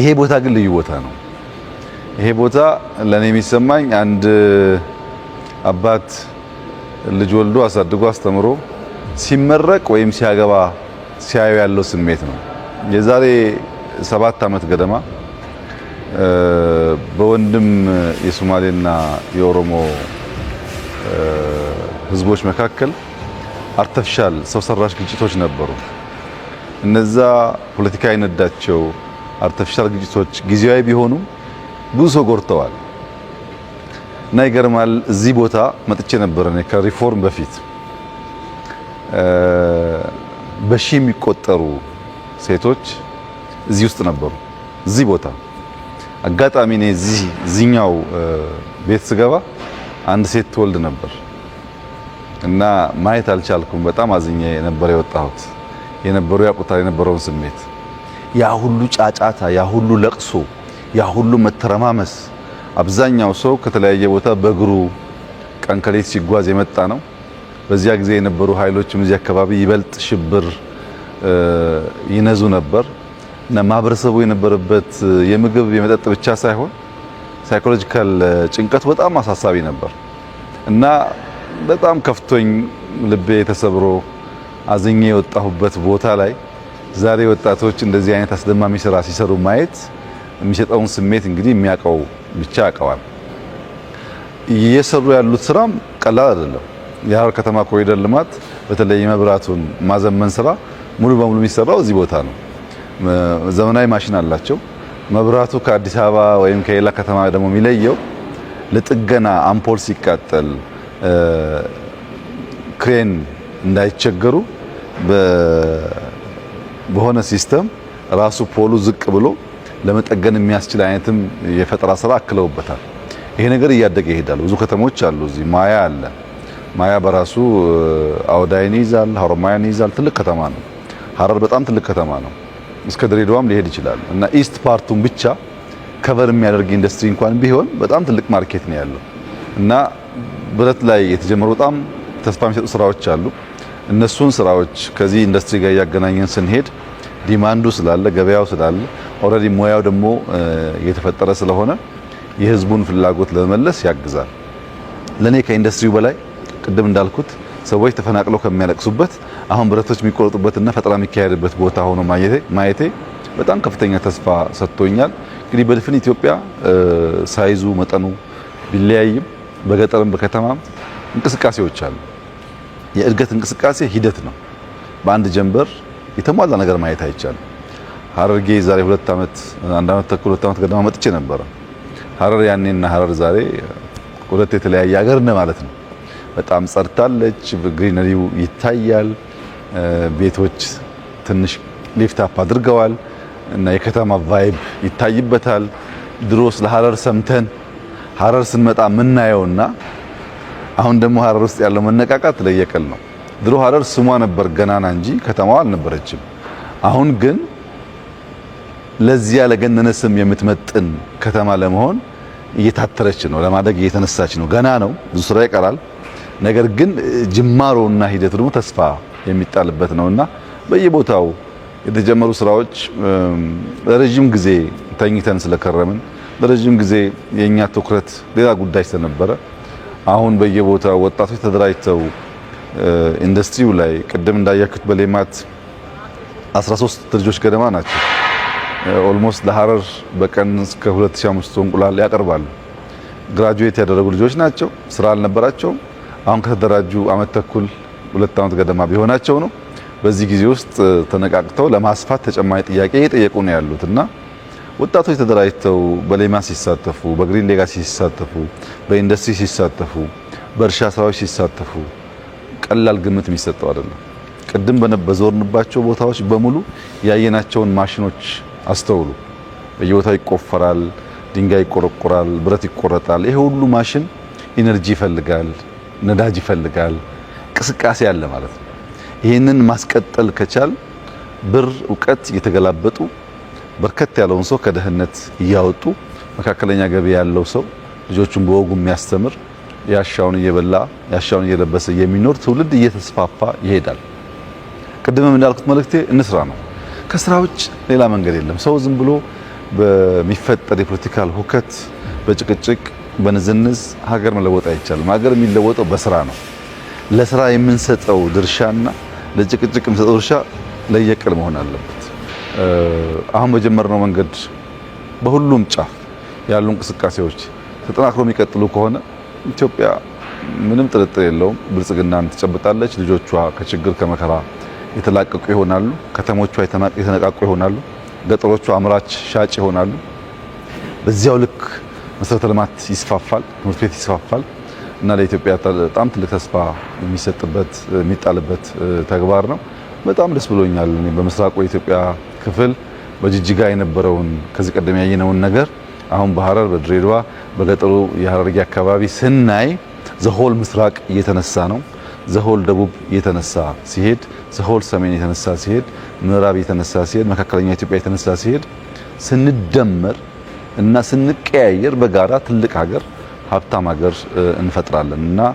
ይሄ ቦታ ግን ልዩ ቦታ ነው። ይሄ ቦታ ለእኔ የሚሰማኝ አንድ አባት ልጅ ወልዶ አሳድጎ አስተምሮ ሲመረቅ ወይም ሲያገባ ሲያዩ ያለው ስሜት ነው። የዛሬ ሰባት ዓመት ገደማ በወንድም የሶማሌና የኦሮሞ ህዝቦች መካከል አርተፍሻል ሰው ሰራሽ ግጭቶች ነበሩ። እነዛ ፖለቲካ የነዳቸው አርቲፊሻል ግጭቶች ጊዜያዊ ቢሆኑም ብዙ ሰው ጎድተዋል እና ይገርማል። እዚህ ቦታ መጥቼ ነበር እኔ ከሪፎርም በፊት በሺ የሚቆጠሩ ሴቶች እዚህ ውስጥ ነበሩ። እዚህ ቦታ አጋጣሚ እኔ እዚህ እዚህኛው ቤት ስገባ አንድ ሴት ትወልድ ነበር እና ማየት አልቻልኩም። በጣም አዝኜ ነበር የወጣሁት። የነበሩ ያውቁታል የነበረውን ስሜት ያ ሁሉ ጫጫታ፣ ያ ሁሉ ለቅሶ፣ ያ ሁሉ መተረማመስ አብዛኛው ሰው ከተለያየ ቦታ በእግሩ ቀን ከሌት ሲጓዝ የመጣ ነው። በዚያ ጊዜ የነበሩ ኃይሎችም እዚህ አካባቢ ይበልጥ ሽብር ይነዙ ነበር እና ማህበረሰቡ የነበረበት የምግብ የመጠጥ ብቻ ሳይሆን ሳይኮሎጂካል ጭንቀቱ በጣም አሳሳቢ ነበር እና በጣም ከፍቶኝ ልቤ ተሰብሮ አዝኜ የወጣሁበት ቦታ ላይ ዛሬ ወጣቶች እንደዚህ አይነት አስደማሚ ስራ ሲሰሩ ማየት የሚሰጠውን ስሜት እንግዲህ የሚያውቀው ብቻ ያውቀዋል። እየሰሩ ያሉት ስራም ቀላል አይደለም። የሀረር ከተማ ኮሪደር ልማት በተለይ የመብራቱን ማዘመን ስራ ሙሉ በሙሉ የሚሰራው እዚህ ቦታ ነው። ዘመናዊ ማሽን አላቸው። መብራቱ ከአዲስ አበባ ወይም ከሌላ ከተማ ደግሞ የሚለየው ለጥገና አምፖል ሲቃጠል ክሬን እንዳይቸገሩ በሆነ ሲስተም ራሱ ፖሉ ዝቅ ብሎ ለመጠገን የሚያስችል አይነትም የፈጠራ ስራ አክለውበታል። ይሄ ነገር እያደገ ይሄዳል። ብዙ ከተሞች አሉ። እዚህ ማያ አለ። ማያ በራሱ አውዳይን ይዛል፣ ሀሮማያን ይዛል። ትልቅ ከተማ ነው። ሀረር በጣም ትልቅ ከተማ ነው። እስከ ድሬዳዋም ሊሄድ ይችላል እና ኢስት ፓርቱን ብቻ ከቨር የሚያደርግ ኢንዱስትሪ እንኳን ቢሆን በጣም ትልቅ ማርኬት ነው ያለው እና ብረት ላይ የተጀመሩ በጣም ተስፋ የሚሰጡ ስራዎች አሉ። እነሱን ስራዎች ከዚህ ኢንዱስትሪ ጋር እያገናኘን ስንሄድ ዲማንዱ ስላለ ገበያው ስላለ ኦልሬዲ ሙያው ደግሞ የተፈጠረ ስለሆነ የህዝቡን ፍላጎት ለመመለስ ያግዛል። ለኔ ከኢንዱስትሪው በላይ ቅድም እንዳልኩት ሰዎች ተፈናቅለው ከሚያለቅሱበት አሁን ብረቶች የሚቆረጡበትና ፈጠራ የሚካሄድበት ቦታ ሆኖ ማየቴ በጣም ከፍተኛ ተስፋ ሰጥቶኛል። እንግዲህ በድፍን ኢትዮጵያ ሳይዙ መጠኑ ቢለያይም በገጠርም በከተማም እንቅስቃሴዎች አሉ። የእድገት እንቅስቃሴ ሂደት ነው። በአንድ ጀንበር የተሟላ ነገር ማየት አይቻልም። ሀረርጌ ዛሬ ሁለት ዓመት አንድ ዓመት ተኩል ሁለት ዓመት ገደማ መጥቼ ነበረ። ሀረር ያኔና ሀረር ዛሬ ሁለት የተለያየ ሀገር ነው ማለት ነው። በጣም ጸድታለች። ግሪነሪው ይታያል። ቤቶች ትንሽ ሊፍት አፕ አድርገዋል እና የከተማ ቫይብ ይታይበታል። ድሮ ስለ ሀረር ሰምተን ሀረር ስንመጣ ምናየውና አሁን ደግሞ ሀረር ውስጥ ያለው መነቃቃት ለየቀል ነው። ድሮ ሀረር ስሟ ነበር ገናና እንጂ ከተማዋ አልነበረችም። አሁን ግን ለዚያ ለገነነ ስም የምትመጥን ከተማ ለመሆን እየታተረች ነው፣ ለማደግ እየተነሳች ነው። ገና ነው፣ ብዙ ስራ ይቀራል። ነገር ግን ጅማሮና ሂደቱ ደግሞ ተስፋ የሚጣልበት ነውና በየቦታው የተጀመሩ ስራዎች ለረዥም ጊዜ ተኝተን ስለከረምን ለረዥም ጊዜ የኛ ትኩረት ሌላ ጉዳይ ስለነበረ አሁን በየቦታው ወጣቶች ተደራጅተው ኢንዱስትሪው ላይ ቅድም እንዳያችሁት በሌማት 13 ድርጅቶች ገደማ ናቸው። ኦልሞስት ለሀረር በቀን እስከ 2500 እንቁላል ያቀርባሉ። ግራጁዌት ያደረጉ ልጆች ናቸው። ስራ አልነበራቸውም። አሁን ከተደራጁ አመት ተኩል ሁለት አመት ገደማ ቢሆናቸው ነው። በዚህ ጊዜ ውስጥ ተነቃቅተው ለማስፋት ተጨማሪ ጥያቄ እየጠየቁ ነው ያሉት እና ወጣቶች ተደራጅተው በሌማ ሲሳተፉ፣ በግሪን ሌጋሲ ሲሳተፉ፣ በኢንዱስትሪ ሲሳተፉ፣ በእርሻ ስራዎች ሲሳተፉ ቀላል ግምት የሚሰጠው አይደለም። ቅድም በዞርንባቸው ቦታዎች በሙሉ ያየናቸውን ማሽኖች አስተውሉ። በየቦታው ይቆፈራል፣ ድንጋይ ይቆረቆራል፣ ብረት ይቆረጣል። ይሄ ሁሉ ማሽን ኢነርጂ ይፈልጋል፣ ነዳጅ ይፈልጋል፣ እንቅስቃሴ አለ ማለት ነው። ይህንን ማስቀጠል ከቻል ብር፣ እውቀት እየተገላበጡ በርከት ያለውን ሰው ከድህነት እያወጡ መካከለኛ ገቢ ያለው ሰው ልጆቹን በወጉ የሚያስተምር ያሻውን እየበላ ያሻውን እየለበሰ የሚኖር ትውልድ እየተስፋፋ ይሄዳል። ቅድምም እንዳልኩት መልእክቴ እንስራ ነው። ከስራ ውጭ ሌላ መንገድ የለም። ሰው ዝም ብሎ በሚፈጠር የፖለቲካል ሁከት፣ በጭቅጭቅ፣ በንዝንዝ ሀገር መለወጥ አይቻልም። ሀገር የሚለወጠው በስራ ነው። ለስራ የምንሰጠው ድርሻና ለጭቅጭቅ የምንሰጠው ድርሻ ለየቅል መሆን አለበት። አሁን በጀመርነው መንገድ በሁሉም ጫፍ ያሉ እንቅስቃሴዎች ተጠናክሮ የሚቀጥሉ ከሆነ ኢትዮጵያ ምንም ጥርጥር የለውም ብልጽግናን ትጨብጣለች። ልጆቿ ከችግር ከመከራ የተላቀቁ ይሆናሉ። ከተሞቿ የተነቃቁ ይሆናሉ። ገጠሮቿ አምራች ሻጭ ይሆናሉ። በዚያው ልክ መሰረተ ልማት ይስፋፋል፣ ትምህርት ቤት ይስፋፋል እና ለኢትዮጵያ በጣም ትልቅ ተስፋ የሚሰጥበት የሚጣልበት ተግባር ነው። በጣም ደስ ብሎኛል። በምስራቁ የኢትዮጵያ ክፍል በጅጅጋ የነበረውን ከዚህ ቀደም ያየነውን ነገር አሁን በሐረር በድሬዳዋ በገጠሩ የሐረርጌ አካባቢ ስናይ ዘሆል ምስራቅ እየተነሳ ነው። ዘሆል ደቡብ እየተነሳ ሲሄድ፣ ዘሆል ሰሜን የተነሳ ሲሄድ፣ ምዕራብ የተነሳ ሲሄድ፣ መካከለኛ ኢትዮጵያ የተነሳ ሲሄድ ስንደመር እና ስንቀያየር በጋራ ትልቅ ሀገር ሀብታም ሀገር እንፈጥራለን እና